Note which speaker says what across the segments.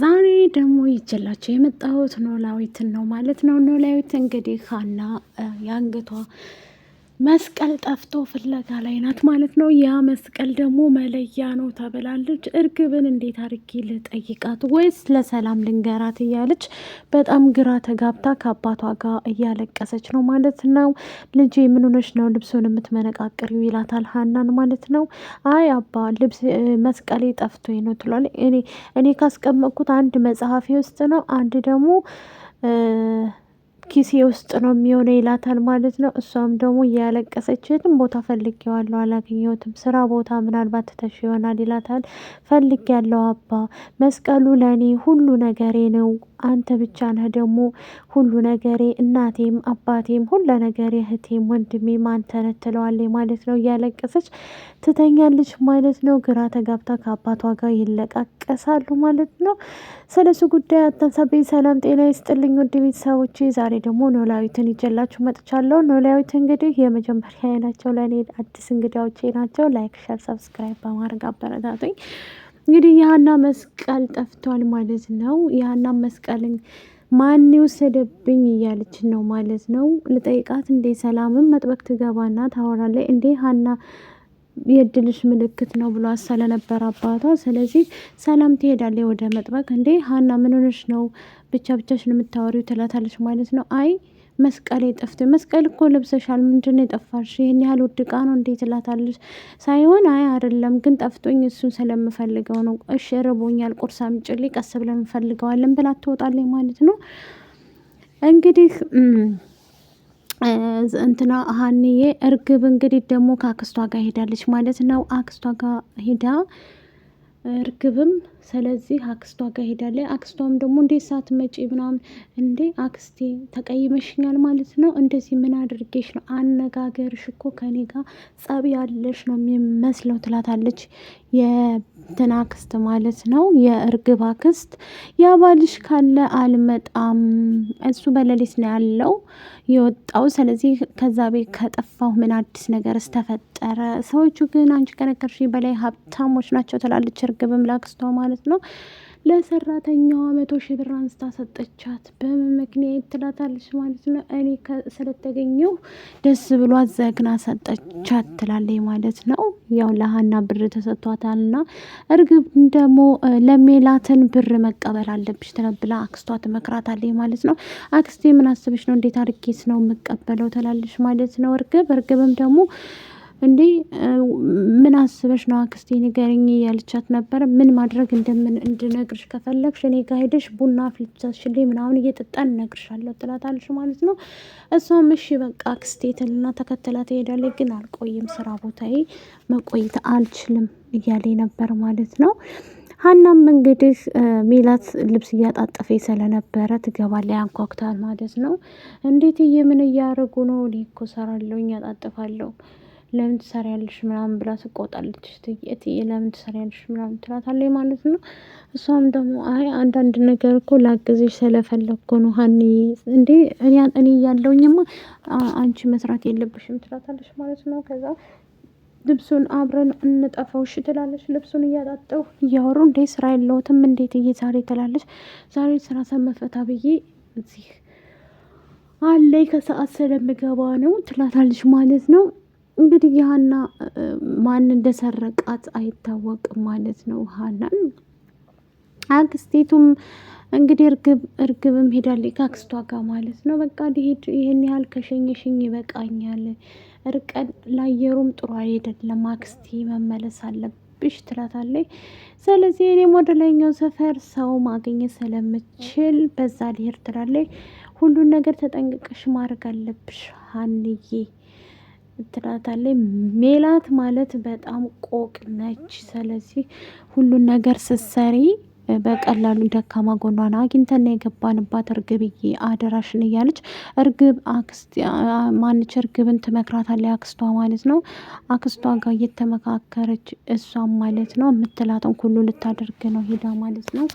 Speaker 1: ዛሬ ደግሞ ይችላቸው የመጣሁት ኖላዊትን ነው ማለት ነው። ኖላዊት እንግዲህ ሀና የአንገቷ መስቀል ጠፍቶ ፍለጋ ላይ ናት ማለት ነው። ያ መስቀል ደግሞ መለያ ነው ተብላለች። እርግብን እንዴት አድርጌ ልጠይቃት ወይስ ለሰላም ልንገራት እያለች በጣም ግራ ተጋብታ ከአባቷ ጋር እያለቀሰች ነው ማለት ነው። ልጅ የምንሆነች ነው ልብሱን የምትመነቃቅር ይላታል ሀናን ማለት ነው። አይ አባ ልብስ መስቀሌ ጠፍቶ ነው ትሏል። እኔ እኔ ካስቀመጥኩት አንድ መጽሐፌ ውስጥ ነው አንድ ደግሞ ኪሴ ውስጥ ነው የሚሆነ ይላታል ማለት ነው። እሷም ደግሞ እያለቀሰች የትም ቦታ ፈልጌዋለሁ አላገኘሁትም፣ ስራ ቦታ ምናልባት ትተሽ ይሆናል ይላታል። ፈልጌያለሁ አባ መስቀሉ ለእኔ ሁሉ ነገሬ ነው አንተ ብቻ ነህ ደግሞ ሁሉ ነገሬ፣ እናቴም አባቴም ሁሉ ነገሬ፣ እህቴም ወንድሜም አንተ ነህ ትለዋለች ማለት ነው። እያለቀሰች ትተኛለች ማለት ነው። ግራ ተጋብታ ከአባቷ ጋር ይለቃቀሳሉ ማለት ነው። ስለሱ ጉዳይ አታሳበኝ። ሰላም ጤና ይስጥልኝ ውድ ቤተሰቦቼ፣ ዛሬ ደግሞ ኖላዊትን ይዤላችሁ መጥቻለሁ። ኖላዊት እንግዲህ የመጀመሪያ ናቸው፣ ለእኔ አዲስ እንግዳዎቼ ናቸው። ላይክ፣ ሸር፣ ሰብስክራይብ በማድረግ አበረታቱኝ። እንግዲህ የሀና መስቀል ጠፍቷል ማለት ነው። የሀና መስቀልን ማን የወሰደብኝ እያለች ነው ማለት ነው። ልጠይቃት እንዴ ሰላምም መጥበቅ ትገባና ታወራለች። እንዴ ሀና የድልሽ ምልክት ነው ብሎ ስለነበር አባቷ። ስለዚህ ሰላም ትሄዳለች ወደ መጥበቅ። እንዴ ሀና ምን ሆነሽ ነው ብቻ ብቻሽን የምታወሪው ትላታለች ማለት ነው። አይ መስቀል የጠፍቶ መስቀል እኮ ለብሰሻል፣ ምንድን ነው የጠፋሽ? ይህን ያህል ውድቃ ነው እንዴት ትላታለች። ሳይሆን አይ አይደለም፣ ግን ጠፍቶኝ እሱን ስለምፈልገው ነው። እሺ ርቦኛል፣ ቁርስ አምጪልኝ፣ ቀስ ብለን እንፈልገዋለን ብላ ትወጣለች ማለት ነው እንግዲህ እንትና ሀንዬ እርግብ እንግዲህ ደግሞ ከአክስቷ ጋር ሄዳለች ማለት ነው። አክስቷ ጋር ሄዳ እርግብም ስለዚህ አክስቷ ጋር ሄዳለች። አክስቷም ደግሞ ሰዓት መጪ ምናምን እንዴ አክስቴ ተቀይመሽኛል ማለት ነው፣ እንደዚህ ምን አድርጌሽ ነው? አነጋገርሽ እኮ ከኔ ጋር ጸብ ያለሽ ነው የሚመስለው ትላታለች። የትን አክስት ማለት ነው የእርግብ አክስት የአባልሽ ካለ አልመጣም፣ እሱ በሌሊት ነው ያለው የወጣው። ስለዚህ ከዛ ቤት ከጠፋሁ ምን አዲስ ነገር ስተፈጠረ ሰዎቹ ግን አንቺ ከነገርሽ በላይ ሀብታሞች ናቸው ትላለች። እርግብም ላክስቷ ማለት ነው። ለሰራተኛዋ መቶ ሺህ ብር አንስታ ሰጠቻት። በምን ምክንያት ትላታለች ማለት ነው። እኔ ስለተገኘው ደስ ብሏት ዘግና ሰጠቻት ትላለች ማለት ነው። ያው ለሀና ብር ተሰጥቷታል እና እርግብ ደግሞ ለሜላትን ብር መቀበል አለብሽ ብላ አክስቷ ትመክራታለች ማለት ነው። አክስቴ ምን አስብሽ ነው? እንዴት አድርጌስ ነው የምቀበለው? ትላለች ማለት ነው። እርግብ እርግብም ደግሞ እንዴ ምን አስበሽ ነው አክስቴ ንገርኝ እያለቻት ነበረ። ምን ማድረግ እንደምን እንድነግርሽ ከፈለግሽ እኔ ጋ ሄደሽ ቡና አፍልተሽልኝ ምናምን እየጠጣን እነግርሻለሁ ትላታለሽ ማለት ነው። እሷም እሺ በቃ አክስቴ ትልና ተከትላ ትሄዳለች። ግን አልቆይም ስራ ቦታዬ መቆየት አልችልም እያለ ነበር ማለት ነው። ሀናም እንግዲህ ሜላት ልብስ እያጣጠፈ ስለነበረ ትገባለች። አንኳኩታል ማለት ነው። እንዴት እየምን እያደረጉ ነው? እኔ እኮ እሰራለሁ እያጣጥፋለሁ ለምን ትሰሪያለሽ ምናምን ብላ ትቆጣለች። እትዬ ለምን ትሰሪያለሽ ምናምን ትላታለች ማለት ነው። እሷም ደግሞ አይ አንዳንድ ነገር እኮ ላግዝሽ ስለፈለግኩ ነው ሀኒ እንዴ እኔ እያለሁኝማ አንቺ መስራት የለብሽም ትላታለች ማለት ነው። ከዛ ልብሱን አብረን እንጠፋው እሺ ትላለች። ልብሱን እያጣጠው እያወሩ እንዴ ስራ የለውትም እንዴት እየ ዛሬ ትላለች። ዛሬ ስራ ሰመፈታ ብዬ እዚህ አለይ ከሰዓት ስለምገባ ነው ትላታለች ማለት ነው። እንግዲህ ያህና ማን እንደሰረቃት አይታወቅም ማለት ነው። ሀናን አክስቴቱም እንግዲህ እርግብ እርግብም ሄዳለች ከአክስቷ ጋር ማለት ነው። በቃ ሄድ ይህን ያህል ከሸኘሽኝ ይበቃኛል፣ እርቀን ለአየሩም ጥሩ አይደለም፣ አክስቴ መመለስ አለብሽ ትላታለች። ስለዚህ እኔም ወደ ላይኛው ሰፈር ሰው ማግኘት ስለምችል በዛ ሊሄድ ትላለች። ሁሉን ነገር ተጠንቅቀሽ ማድረግ አለብሽ ሀንዬ ትላታለች። ሜላት ማለት በጣም ቆቅ ነች። ስለዚህ ሁሉን ነገር ስትሰሪ በቀላሉ ደካማ ጎኗን አግኝተን የገባንባት እርግብዬ አደራሽን እያለች እርግብ ማንች እርግብን ትመክራታለች። አክስቷ ማለት ነው። አክስቷ ጋር እየተመካከረች እሷም ማለት ነው የምትላትን ሁሉ ልታደርግ ነው ሄዳ ማለት ነው።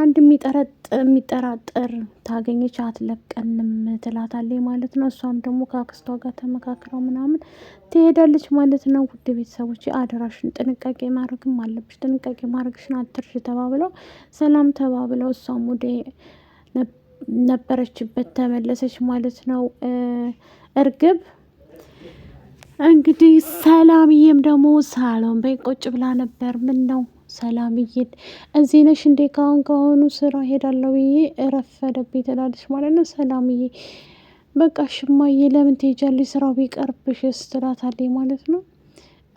Speaker 1: አንድ የሚጠራጠር ታገኘች አትለቀንም ትላታለች ማለት ነው። እሷም ደግሞ ከአክስቷ ጋር ተመካክረው ምናምን ትሄዳለች ማለት ነው። ውድ ቤተሰቦች አደራሽን ጥንቃቄ ማድረግም አለብሽ ጥንቃቄ ማድረግሽን አትርሽ ተባብለው ሰላም ተባብለው እሷም ወደ ነበረችበት ተመለሰች ማለት ነው። እርግብ እንግዲህ ሰላምዬም ደግሞ ሳሎን በይቆጭ ቁጭ ብላ ነበር ምን ነው ሰላምዬን እዚህ ነሽ እንዴ? ካሁን ካሁኑ ስራ ሄዳለሁ ብዬ እረፈደብኝ ትላለች ማለት ነው። ሰላምዬ በቃ ሽማዬ ለምን ትሄጃለሽ? ስራው ቢቀርብሽ ስትላታለች ማለት ነው።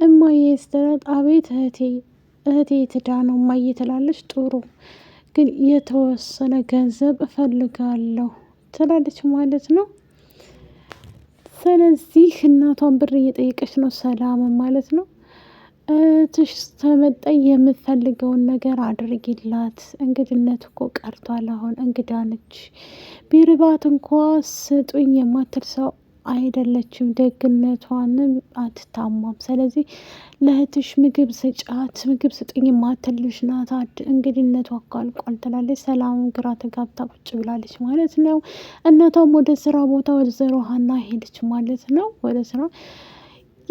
Speaker 1: እማዬ ስትላት አቤት እህቴ እህቴ ትዳ ነው እማዬ ትላለች። ጥሩ ግን የተወሰነ ገንዘብ እፈልጋለሁ ትላለች ማለት ነው። ስለዚህ እናቷን ብር እየጠየቀች ነው ሰላም ማለት ነው። እህትሽ ተመጠይ የምትፈልገውን ነገር አድርጊላት። እንግድነት እኮ ቀርቷል። አሁን እንግዳ ነች። ቢርባት እንኳ ስጡኝ የማትል ሰው አይደለችም። ደግነቷንም አትታማም። ስለዚህ ለእህትሽ ምግብ ስጫት፣ ምግብ ስጡኝ የማትልሽ ናት። እንግድነቷ እኮ አልቋል ትላለች። ሰላም ግራ ተጋብታ ቁጭ ብላለች ማለት ነው። እናቷም ወደ ስራ ቦታ ወደ ዘሮ ሀና ሄደች ማለት ነው። ወደ ስራ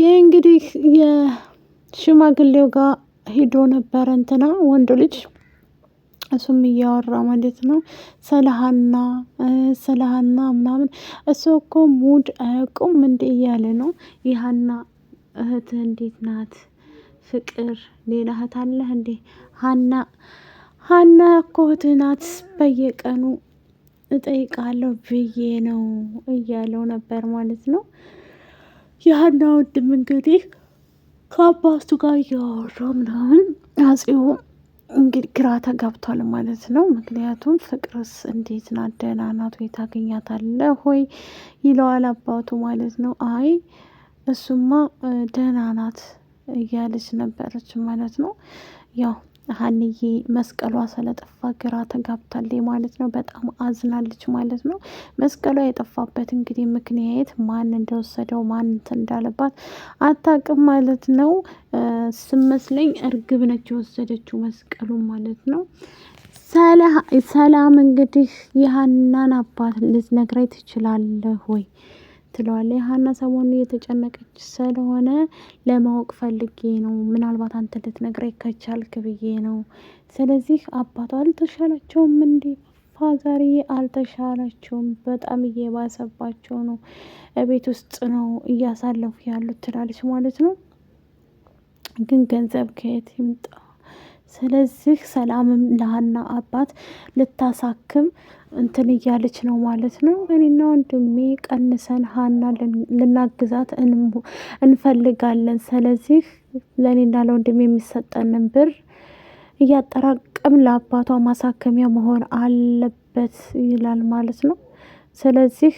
Speaker 1: ይህ እንግዲህ ሽማግሌው ጋር ሄዶ ነበረ እንትና ወንዱ ልጅ እሱም እያወራ ማለት ነው ስለሀና ስለሀና ምናምን እሱ እኮ ሙድ አያውቁም እንዴ እያለ ነው። የሀና እህት እንዴት ናት? ፍቅር ሌላ እህት አለህ እንዴ? ሀና ሀና እኮ እህት ናት በየቀኑ እጠይቃለሁ ብዬ ነው እያለው ነበር ማለት ነው። የሀና ወንድም እንግዲህ ከአባቱ ጋር እያወራ ምናምን አፄው እንግዲህ ግራ ተጋብቷል ማለት ነው። ምክንያቱም ፍቅርስ እንዴት ናት? ደህና ናት ወይ? ታገኛታለህ ሆይ ይለዋል አባቱ ማለት ነው። አይ እሱማ ደህና ናት እያለች ነበረች ማለት ነው ያው ሀንዬ መስቀሏ ስለጠፋ ግራ ተጋብታለች ማለት ነው። በጣም አዝናለች ማለት ነው። መስቀሏ የጠፋበት እንግዲህ ምክንያት ማን እንደወሰደው ማን እንዳለባት አታውቅም ማለት ነው። ስመስለኝ እርግብ ነች የወሰደችው መስቀሉ ማለት ነው። ሰላም እንግዲህ የሀናን አባት ልትነግረኝ ትችላለህ ወይ? ትለዋለች። ሀና ሰሞኑን እየተጨነቀች ስለሆነ ለማወቅ ፈልጌ ነው፣ ምናልባት አንተ ልትነግረኝ ከቻልክ ብዬ ነው። ስለዚህ አባቷ አልተሻላቸውም እንዴ? ፋዛሪ አልተሻላቸውም፣ በጣም እየባሰባቸው ነው፣ እቤት ውስጥ ነው እያሳለፉ ያሉት ትላለች ማለት ነው። ግን ገንዘብ ከየት ይምጣ ስለዚህ ሰላምም ለሀና አባት ልታሳክም እንትን እያለች ነው ማለት ነው። እኔና ወንድሜ ቀንሰን ሀና ልናግዛት እንፈልጋለን። ስለዚህ ለእኔና ለወንድሜ የሚሰጠንን ብር እያጠራቀም ለአባቷ ማሳከሚያ መሆን አለበት ይላል ማለት ነው። ስለዚህ